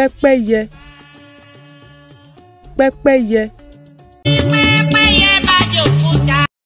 pẹ́pẹ́yẹ pẹ́pẹ́yẹ.